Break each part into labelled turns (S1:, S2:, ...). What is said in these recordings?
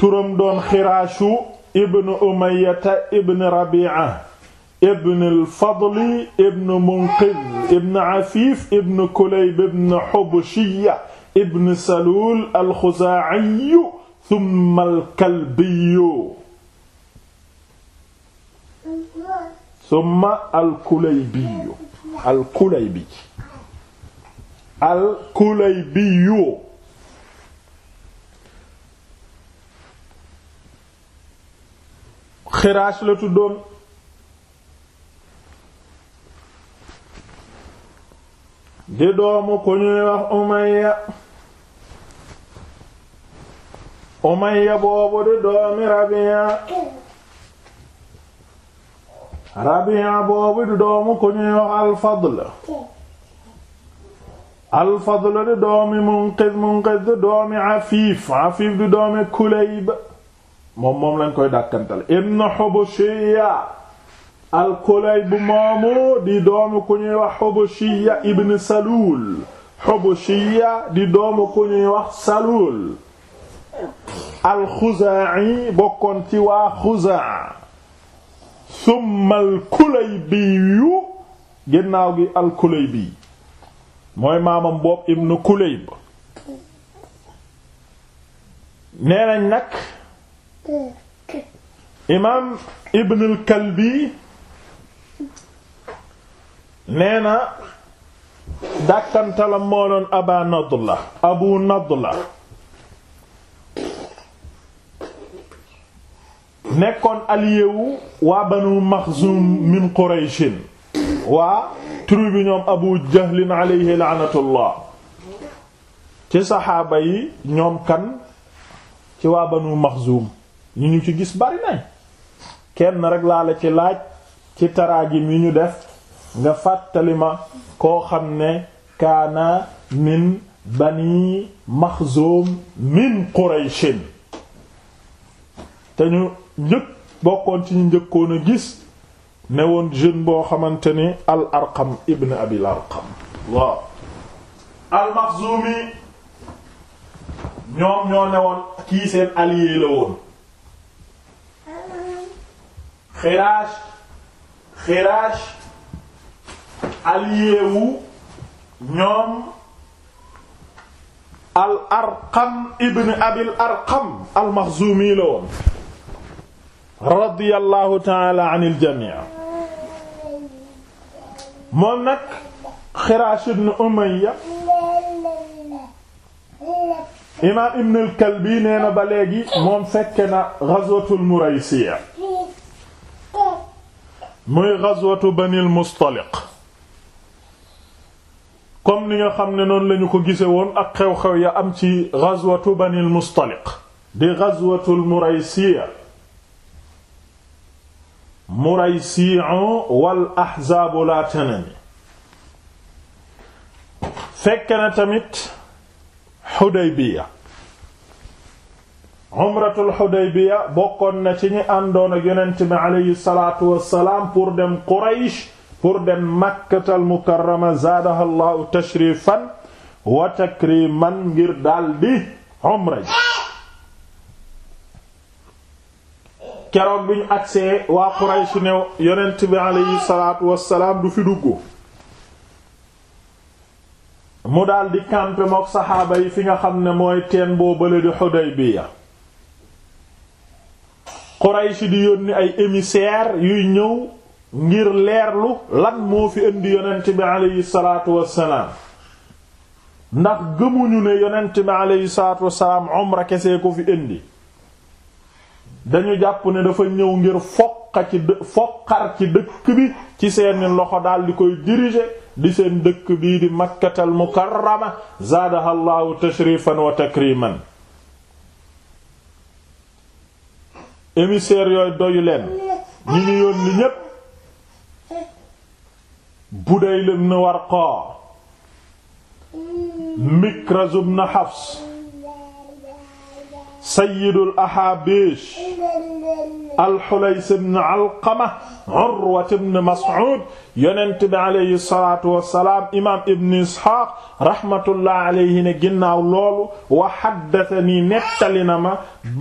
S1: turam doon xiraashu ibn umayata ibn rabi'a ibn al-fadli ibn munqidh ibn afif ibn kulayb ibn hubshiya ibn salul al-khuzaa'i thumma al-kalbi thumma al-kulaybi al-kulaybi al-kulaybi xiraas la tuddoon di doomu ku ñuy wax Umayya boobu di doomi Rabi'a Rabi'a boobu di doomu ku ñuy wax Al-Fadl Al-Fadl di doomi Munqidh Munqidh di doomi Afif Afif di doomi Kulayb moom moom lañ koy dàkkantal ibn Hubashiya al bu moomu di doomu ku ñuy wax Hubashiya ibn Salul Hubashiya di doomu ku ñuy wax Salul al-Khuzaa'i bokkoon ci waa Khuzaa summa al-Kulaybiyu ginnaaw gi al-Kulaybi mooy maamam boobu ibn Kulayb nee nañ nag imaam Ibn al-Kalbi nee na dàkkantalam moo doon Aba Abu Nadla nekkoon aliyewu waa Banu Maxzum min Qurayshin waa tribu ñoom Abu Jahlin alayhi la'natullah ci saxaaba yi ñoom kan ci waa Banu Maxzum ñu ñu ci gis bari nañ kenn rek laa la ci laaj ci taraajim yi ñu def nga fàttali ma koo xam ne kaana min bani maxzoom min qurayshin te ñu njëkk bokkoon ci njëkkoon a gis ne woon jeune boo xamante ni al arqam ibn abil arqam waaw al maxzoomi ñoom ñoo ne woon kii seen allié la woon xiraash xiraash aliyewu ñoom al arqam ibn abil arqam al maxzumi la woon radiyallahu taala an il jamii moom nag xiraash ibn umayya imaam ibn al kalbi nee na ba léegi moom fekke na ghazwatul muraysiya muy ghazwatu banil mustaliq comme ni nga xam ne noonu lañu ko gise woon ak xew-xew ya am ci ghazwatu banil mustaliq di ghazwatul muraysiya muraysi'u wal ahzaabu la tanami fekk na tamit Hudaybiya umratul bokkoon na ci àndoon ak yonent bi aleyhi salaatu wassalaam pour dem Quraysh pour dem wa takriman ngir daldi umra ji keroog bi ñu agsee waa Quraysh ne yonent bi aleyhi du fi duggu mu daldi campé mook saxaaba yi fi nga xam ne mooy teen boo bële di Quraysh di yónni ay émissaires yuy ñëw ngir leerlu lan moo fi indi yonent bi aleyhi salaatu wassalaam ndax gëmuñu ne yonent bi aleyhi salaatu wassalaam umra kese ko fi indi dañu jàpp ne dafa ñëw ngir foqa ci foqar ci dëkk bi ci seeni loxo daal di koy diriger di seen dëkk bii di makkatal mukarrama zaadaha allahu tashrifan wa takriman émissaires yooyu doyu leen ñi ñu yónni ñépp Budayl ibn Warqa Mikraz ibn Hafs sayyidul Ahabish al-Hulays ibn Alqama Urwa ibn Mas'ud yonent bi alayhi salaatu wa salaam imaam Ibn Isxaaq rahmatullahi alayhi ne ginnaaw loolu wa haddathanii nettali na ma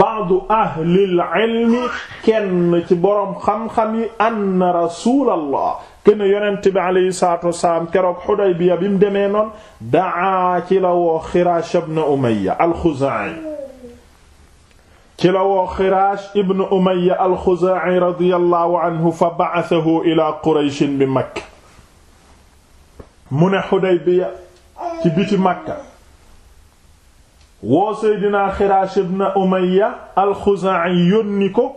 S1: ba'du ahlil ilmi kenn ci boroom xam-xam yi anna rasuulallah kenn yonent bi alayhi salaatu wa salaam keroog Hudaybiya bi mu demee noonu daa ci la woo Xiraash ibn Umayya al-Xuzaa'i ci la woo xiraash ibn umaya alxuzai radiallahu anhu fa ba'athahu ila qurayshin bi makka mu ne xudaybiya ci biti makka woo seydinaa xiraash ibn umaya alxuzai yónni ko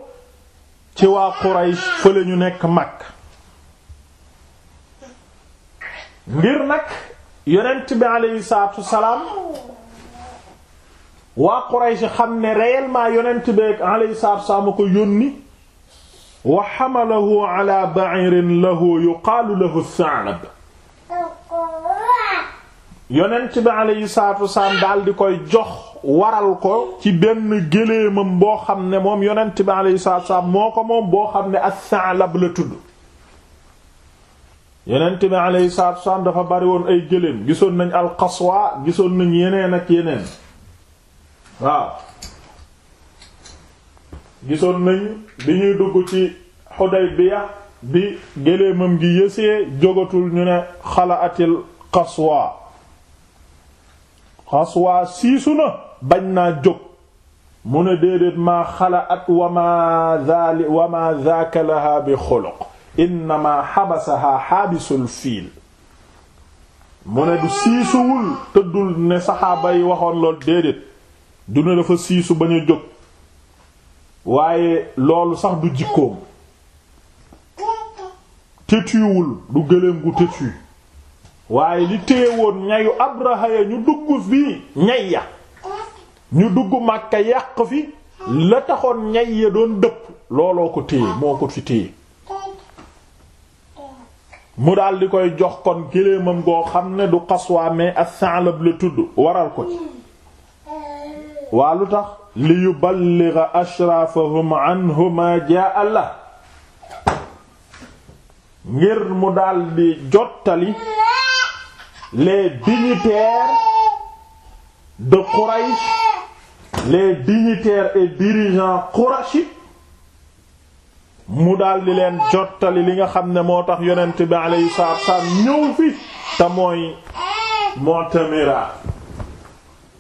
S1: ci waa quraysh fële ñu nekk makka ngir nag yonent bi aleyhi salaatu salaam waa Quraysh xam ne réellement yonent beeg alayhi salaatu wassalaam ko yónni wa hamalahu ala ba'irin lahu yuqaalu lahu Sa'lab yonent bi daal di koy jox waral ko ci benn géléemam boo xam ne moom yonent bi alayhi salaatu wassalaam moo ko moom boo xam ne as-Sa'lab la tudd yonent bi alayhi salaatu wassalaam dafa bari woon ay géléem gisoon nañ al gisoon nañ yeneen ak yeneen waaw gisoon nañ bi ñuy dugg ci Xudaybiya bi géléemam gi yësee jogatul ñu ne xalaatil xaswaa xaswaa siisu na bañ na jóg mu ne déedéet maa xalaat wa maa zaali wa maa zaaka lahaa bi xuluq innamaa xabasahaa xaabisul fiil mu ne du siisuwul tëddul ne saxaaba yi waxoon lool déedéet du ne dafa siisu bañ a jóg waaye loolu sax du jikkoom tëtuwul du gëléem gu tëtu waaye li téewoon ñayu Abraha ya ñu dugg fii ñay ya ñu dugg Makka yàq fi la taxoon ñay ya doon dëpp looloo ko téye moo ko fi téye mu daldi koy jox kon gëléemam goo xam ne du Qaswa mais as-Sa'lab la tudd waral ko ci waa lu tax li yuballigha ashrafahum anhu ma jaa la ngir mu daldi jottali les dignitaires de Quraysh les dignitaires et dirigeants qurashi mu daldi leen jottali li nga xam ne moo tax yonent bi alayhi salaatu ñëw fi te mooy Mu'tamira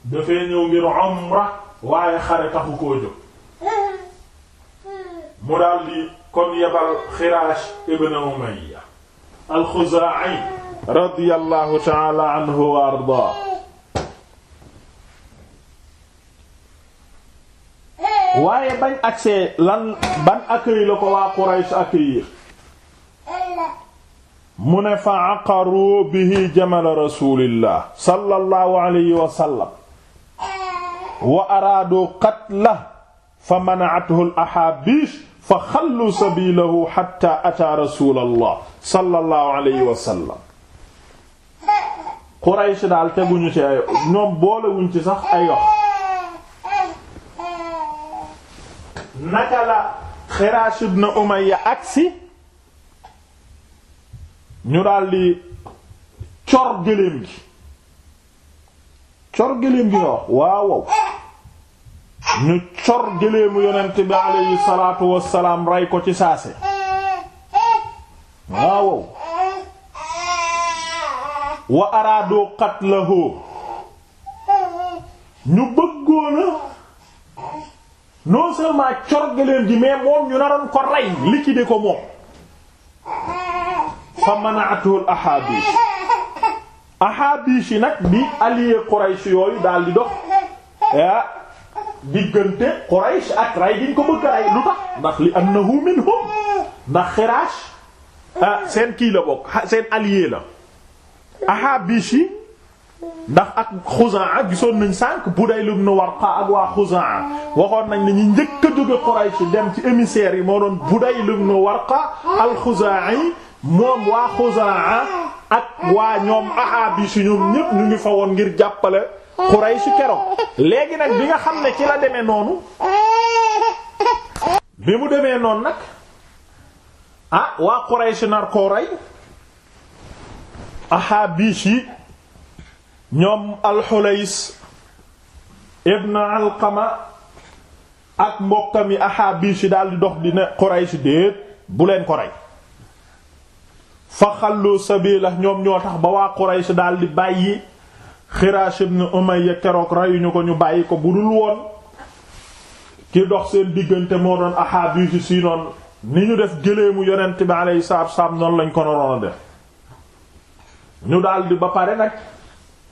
S1: dafay ñëw ngir umra waaye xare taxu koo jóg mu daldi kon yebal Xiraash ibn Umayya al-Xuzaa'i radiyallahu ta'ala anhu wa ardaa waaye bañ agsee lan ban accueil la ko waa Quraysh accueillir mu ne fa aqaru bihi jamal rasulillah sallallahu alayhi wa sallam wa araadu qatlahu fa mana'athu al-ahaabish fa xallu sabilahu hatta ata rasulallah sallallahu alayhi wa sallam Quraysh daal teguñu ci ay ñoom boolewuñ ci sax ay wax naka la Xiraash ibn Umayya agsi ñu daal di cor gëléem gi cor gëléem gi nga wax waaw waaw ñu cor gëléemu yonent bi aleyhi salaatu wassalaam rey ko ci saase waaw wa araadoo qatlahu ñu bëggoona non seulement cor gëléem gi mais moom ñu naroon ko rey liquider ko moom fa mana'atul ahadith ahaabish yi nag bi allié Quraysh yooyu daal di dox ah diggante Quraysh ak ray giñ ko bëgg lu tax ndax li annahu minhum ndax Xiraash eh, seen kii la bokk seen allié la ahaabish yi ndax ak Xuzaa gisoon nañ sànq Budayl ibn Warqa ak waa Xuzaa waxoon nañ ne ñi njëkk a jóge Quraysh dem ci émissaires yi moo doon Budayl ibn Warqa al-Xuzaa'i moom waa Xuzaa ak waa ñoom Ahaabisu ñoom ñépp ñu ngi fa woon ngir jàppale Quraysh keroog léegi nag bi nga xam ne ci la demee noonu bi mu demee noonu nag ah waa Quraysh nar koo rey Ahaabish yi ñoom Al-Hulays ibn Alqama ak mbokkam yi Ahaabish yi daal di dox di ne Quraysh déet bu leen ko rey fa xallu sabila ñoom ñoo tax ba waa Quraysh daal daldi bàyyi Xiraash ibn Umayya keroog reyuñu ko ñu bàyyi ko bu dul woon ki dox seen diggante moo doon ahaabisu si noonu ni ñu def gëleemu yonent bi alayhi salaatu wassalaam noonu lañ ko naroon a def ñu daldi ba pare nag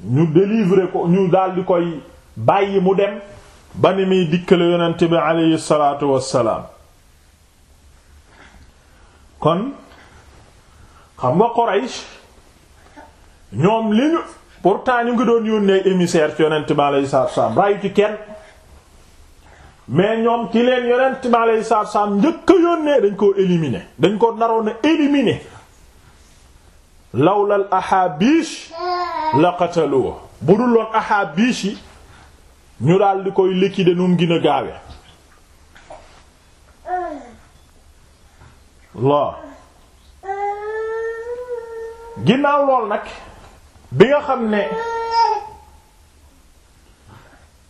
S1: ñu délivrer ko ñu daldi koy bàyyi mu dem ba ni muy dikkale yonent bi alayhi salaatu wassalaam kon xam nga Quraysh ñoom li ñu pourtant ñu ngi doon yónnee émissaire ci yonent bi alayhi salaatu salaam rayu ci kenn mais ñoom ci leen yonent bi alayhi salaatu salaam njëkk a yónnee dañ koo éliminer dañ ko naroon na éliminer lawlal ahaabish la qataluhu bu dul woon ahaabish yi ñu daal di koy liquider nu mu gën a gaawe la ginnaaw lool nag bi nga xam ne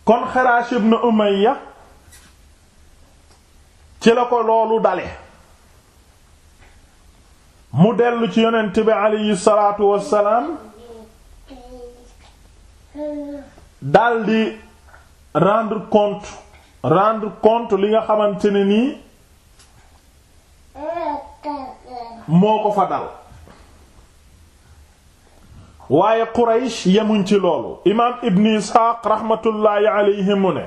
S1: kon Xaraas ibn Umayya ci la ko loolu dale mu dellu ci yonent bi aleyhi salaatu wassalaam daldi rendre compte rendre compte li nga xamante ne nii moo ko fa dal waaye Quraysh yemuñ ci loolu imaam Ibn Isxaaq rahmatullahi alayhi mu ne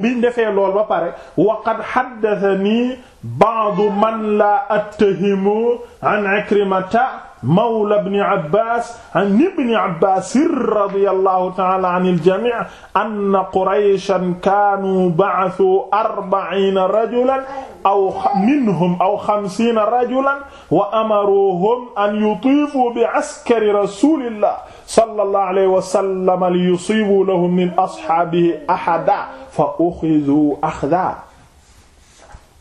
S1: biñ defee lool ba pare wa qad haddathanii ba'du man laa attahimu an Ikrimata mawla ibn Abbas an ibn Abbas radiyallahu ta'ala anil jami' anna Qurayshan kaanu ba'athu arba'iina rajulan aw minhum aw xamsiina rajulan wa amaruuhum an yutiifu bi askari rasulillah sallallahu alayhi wa sallam li yusiibu lahum min ashaabihi ahadan fa ukhidhu akhdan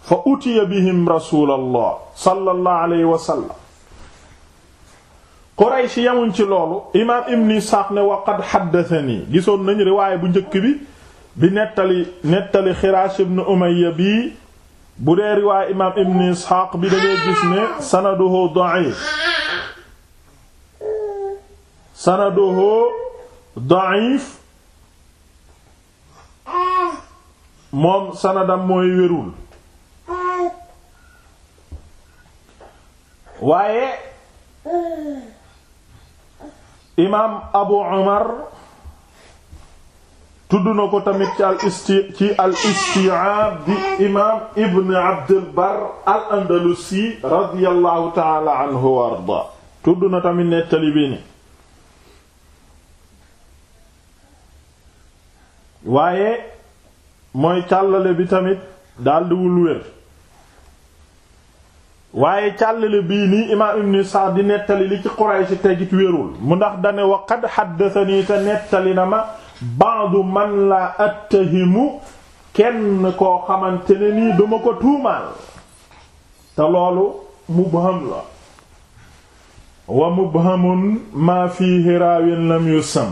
S1: fa utiya bihim rasulullah sallallahu alayhi wa sallam Quraysh yamuñ ci loolu imaam Ibn Isxaaq ne waqad haddathanii gisoon nañ riwaaya bu njëkk bi bi nettali nettali Xiraash ibn Umayya bii bu dee riwaaya imaam Ibn Isxaaq bi da gis ne sanaduhu mooy wérul waaye imaam abu umar tudd na ko tamit ci al isti ci al isti'ab di imaam ibn abdul bar al andalusi radiyallahu taala anhu wa arda tudd na tamit nettali bi waaye mooy càllale bi tamit daldi wul wér waaye càllale bii nii imaam ibn Sa'd di nettali li ci Quraysh tegit wérul mu ndax dane wa qad haddathani nettali na ma ba'du man la attahimu kenn koo xamante ne nii duma ko tuumaal te loolu mubham la wa mubhamun maa fiihi raawin lam yusam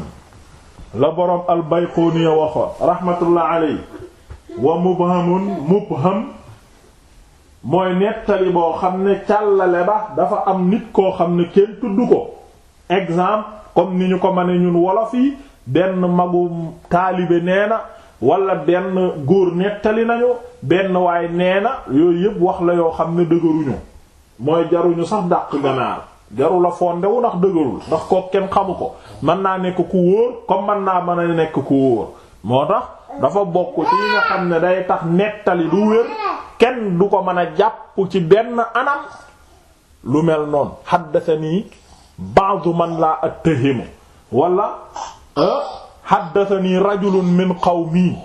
S1: la boroom al Bayquni waxoon rahmatullah alayhi wa mubhamun mubham mooy nettali boo xam ne càllale ba dafa am nit koo xam ne kenn tudd ko exemple comme ni ñu ko mëne ñun wolof yi benn magum taalibe nee na wala benn góor nettali nañu benn waay nee na yooyu yëpp wax la yoo xam ne dëgëruñu mooy jaruñu sax dàq ganaar jaru la fondewu ndax dëgërul ndax ko kenn xamu ko mën naa nekk ku wóor comme mën naa mën a nekk ku wóor moo tax dafa bokk ci nga xam ne day tax nettali du wér kenn du ko mën a jàpp ci benn anam lu mel noonu xaddatanii ba'du man laa ak attahimu wala xaddatanii ah, rajulun min xaw qawmi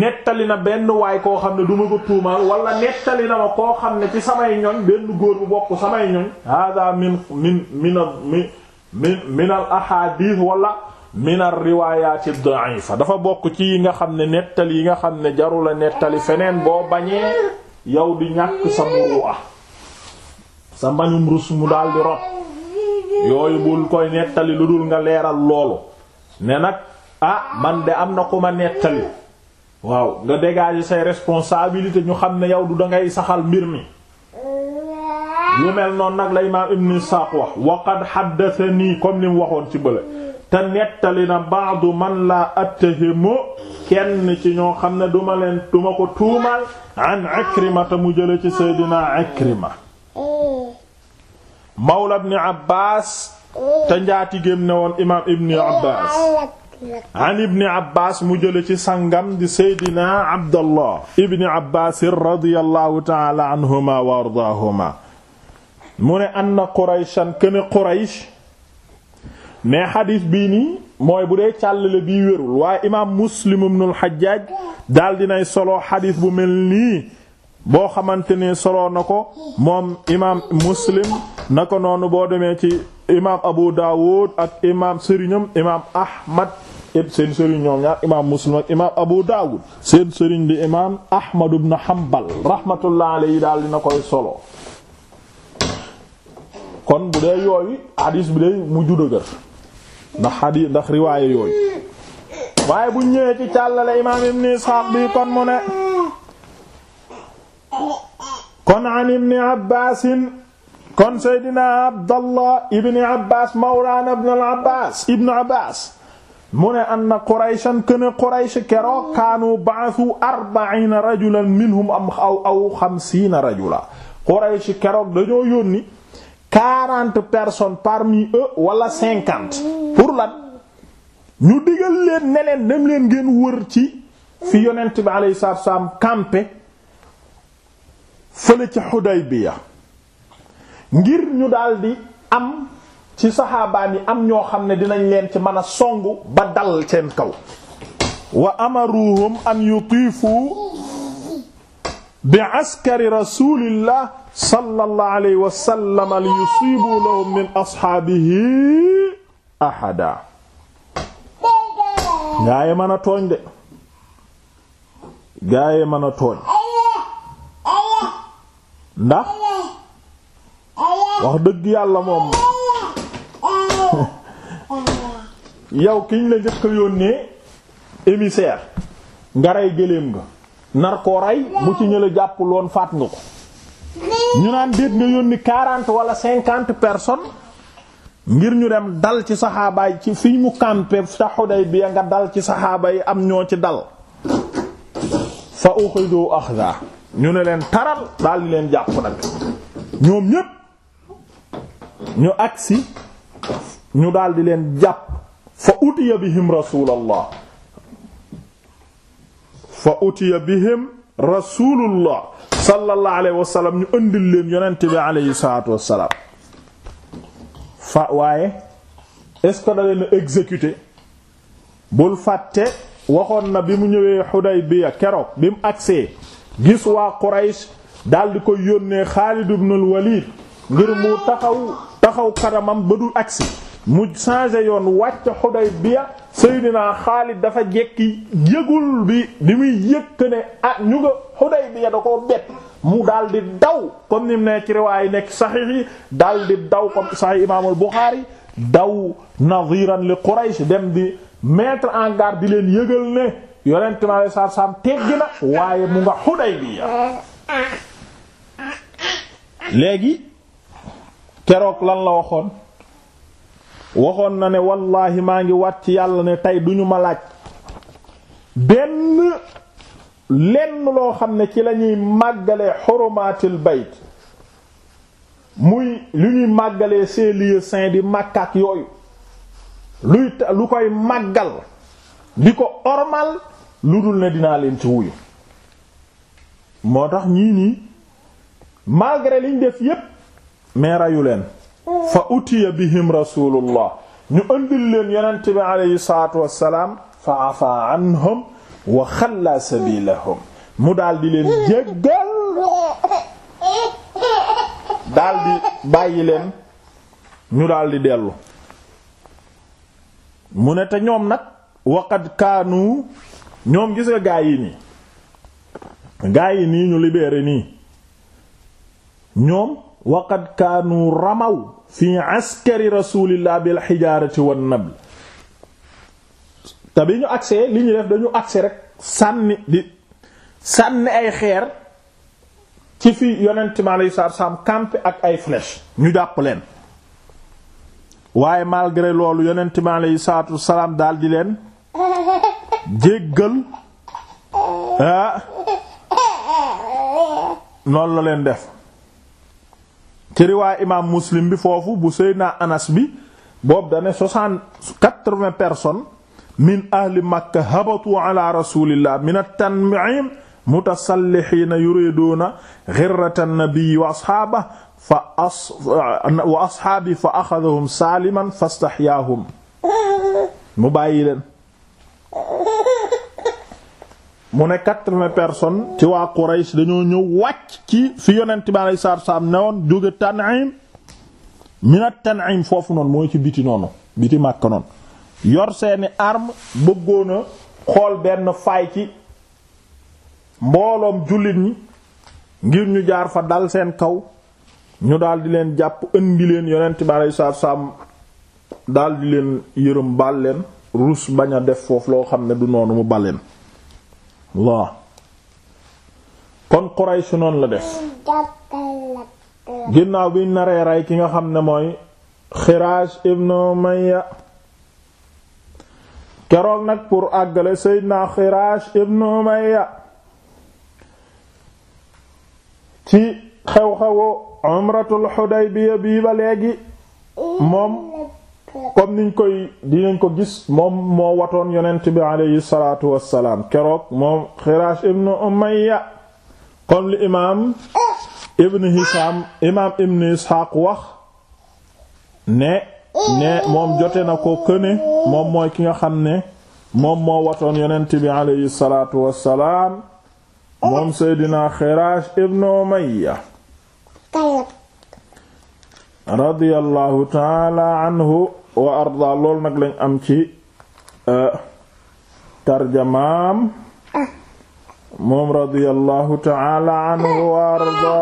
S1: nettali na benn waay koo xam ne du ma ko tuumaal wala nettali na ma koo xam ne ci samay ñoñ benn góor bu bokk samay ñoñ hada min min min min min minar riwaayaati fa dafa bokk ci yi nga xam ne nettali yi nga xam ne jarula nettali feneen boo bañee yow di ñàkk sa muruwa sa mbañum rus mu daal di rot yooyu bul koy nettali lu dul nga leeral loolu ne nag ah man de am na ko ma nettali waaw nga dégager say responsabilité ñu xam ne yow du dangay saxal mbir mi lu mel noonu nag lay ma ibn Isaaq wax wa qad haddathani comme ni mu waxoon ci bële te nettali na baadu man laa attahimu kenn ci ñoo xam ne duma leen tuma ko tuumal an Ikrima te mu jële ci Seydina Ikrima mawla ibn Abbaas te njaatigéem ne woon imaam ibn Abbaas an mu jële ci sangam di Seydina Abdallah ibn Abbaas radiyallahu ta'ala anhuma wa ardaahuma mu anna Qurayshan kana Quraysh mais xadis bii nii mooy bu dee càllale bii wérul waaye imaam muslim ibnul xajjaaj daal dinay solo xadis bu mel nii boo xamante ne solo na ko moom imaam muslim na ko noonu boo demee ci imaam abu daawud ak imaam sëriñam imaam ahmad seen sëriñ ñoom ñaar yi muslim ak di imaam ahmad koy solo kon bu dee yooyu hadis bi day mujj dëgër ndax xadiis yooyu waaye bu ñëwee ci càllale imaam ibn Isxaaq bi kon mu ne kon an ibni abbasin kon seydina abdallah ibn al mu ne anna qurayshan kana quraysh keroo kaanu ba'athu arba'iina rajulan minhum am aw aw quraysh keroog dañoo yónni quarante personnes parmi eux wala cinquante pour lan ñu digal leen ne dem leen ngeen wër ci fi yonent bi alayhi salaatu wa salaam campé fële ci Hudaybiya ngir ñu daldi am ci saxaabaan yi am ñoo xam ne dinañ leen ci mën song songu ba dal seen kaw wa amaruhum an yutiifu bi askari rasulillah sallallahu alayhi wa sallam li yusibu lahum min asxaabihi ahada gaa mën a tooñ de gaa mën a tooñ ndax wax dëgg yàlla moom yow kiñ la njëkk yónnee émissaire nga rey gëléem nga nar ko rey bu ci ñëla jàppul woon faat nga ko ñu naan déet nga yónni wala cinquante personnes ngir ñu dem dal ci saxaaba yi ci fi mu campé sa Hudaybiya nga dal ci saxaaba yi am ñoo ci dal fa uxidu ñu ne leen taral daal leen jàpp ñu agsi ñu daal leen jàpp fa utiya bihim rasulallah fa utiya bihim rasulullah sallallahu alayhi wa sallam ñu ëndil leen yonent bi alayhi salaatu wa salaam fa waaye est ce que da leen a exécuté bul fàtte waxoon na bi mu ñëwee Xudaybiya keroog bi mu agsee gis waa Quraysh daal di ko yónnee Xaalid ibn al Walid ngir mu taxaw taxaw kanamam ba dul agsi mu changé yoon wàcc Hudaybiya Seydina Xaalid dafa jekki yëgul bi di muy yëkk ne ah ñu nga Hudaybiya da koo bett mu daldi daw comme ni mu ne ci riwaay nekk saxiix daldi daw comme saxiix Imaamul Buxaari daw nadiran li Quraysh dem di mettre en garde di leen yëgal ne yonent ma lay sar sam waaye mu nga Hudaybiya léegi keroog lan la waxoon waxoon na ne wallaahi maa ngi wat ci yàlla ne tey duñu ma laaj benn lenn loo xam ne ci lañuy màggale xoromaatil bayt muy lu ñuy màggalee ces lieux saints di màkkaak yooyu luy lu koy màggal di ko ormal lu dul ne dinaa leen ci wuyu moo tax ñii nii malgré liñ def yépp mais rayu leen fa utiya bihim rasulullah ñu andil leen yonent bi aleyhi salaatu wassalaam fa afa anhum wa xalla sabilahum mu daal di leen jéggal daal bàyyi leen ñu daldi dellu mu ne te ñoom nag waqad kaanu ñoom gis gaa yi nii gaa yi nii ñu libéré nii ñoom waqad kaanu ramaw fi askari rasulillah bil xijaarati wan nabl te ñu agsee li ñu def dañu agse rek sànni di sànni ay xeer ci fi yonent mi alayhi salaatu ak ay flèche ñu jàpp leen waaye malgré loolu yonent mi alayhi salaatu salaam daal di leen jéggal ah noonu la leen def ci riwaay imaam muslim bi foofu bu Seydina Anas bi boobu da ne soixante quatre-vingts personnes min ahli makka habatu ala rasulillah min at-tan'im mutasallihiina yuriduuna ghirrata an-nabi wa ashaabihi fa as wa ashaabihi fa akhadhahum saaliman fastahyahum mu bàyyi leen mu ne quatre-vingts personnes ci waa Quraysh dañoo ñëw wàcc ci fi yonent bi alayhi salaatu salaam newoon jóge Tan'im mina Tan'im foofu noonu mooy ci biti noonu biti Makka noonu yor seeni arme bëggoon xool benn faay ci mbooloom jullit ñi ngir ñu jaar fa dal seen kaw ñu daal di leen jàpp indi leen yonent bi alayhi salaatu salaam di leen yërëm bal leen rus bañ a def foofu loo xam ne du noonu mu baleen waaw kon Quraysh noonu la def ginnaaw bi naree rey ki nga xam ne mooy Xiraaj ibn Umayya keroog nag pour àggale Seydina Xiraaj ibn Umayya ci xew-xewu umratul Hudaybiya bii ba léegi moom comme niñ koy dinañ ko gis moom moo watoon yonent bi aleyhi salaatu wassalaam keroog moom Xiraas ibn Umayya comme li imaam ibn Hishaam imaam ibn Isxaaq wax ne ne moom jote na ko këne moom mooy ki nga xam ne moom moo watoon yonent bi aleyhi salaatu wassalaam moom Seydina Xiraas ibn Umayya radiyallahu taala anhu wa arda loolu nag lañ am ci euh, tarjamaam moom radiyallahu ta'ala anhu wa arda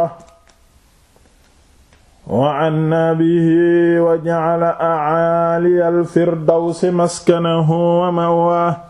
S1: wa anna bihi wa ja'ala a'ali al-firdawsi maskanahu wa mawaa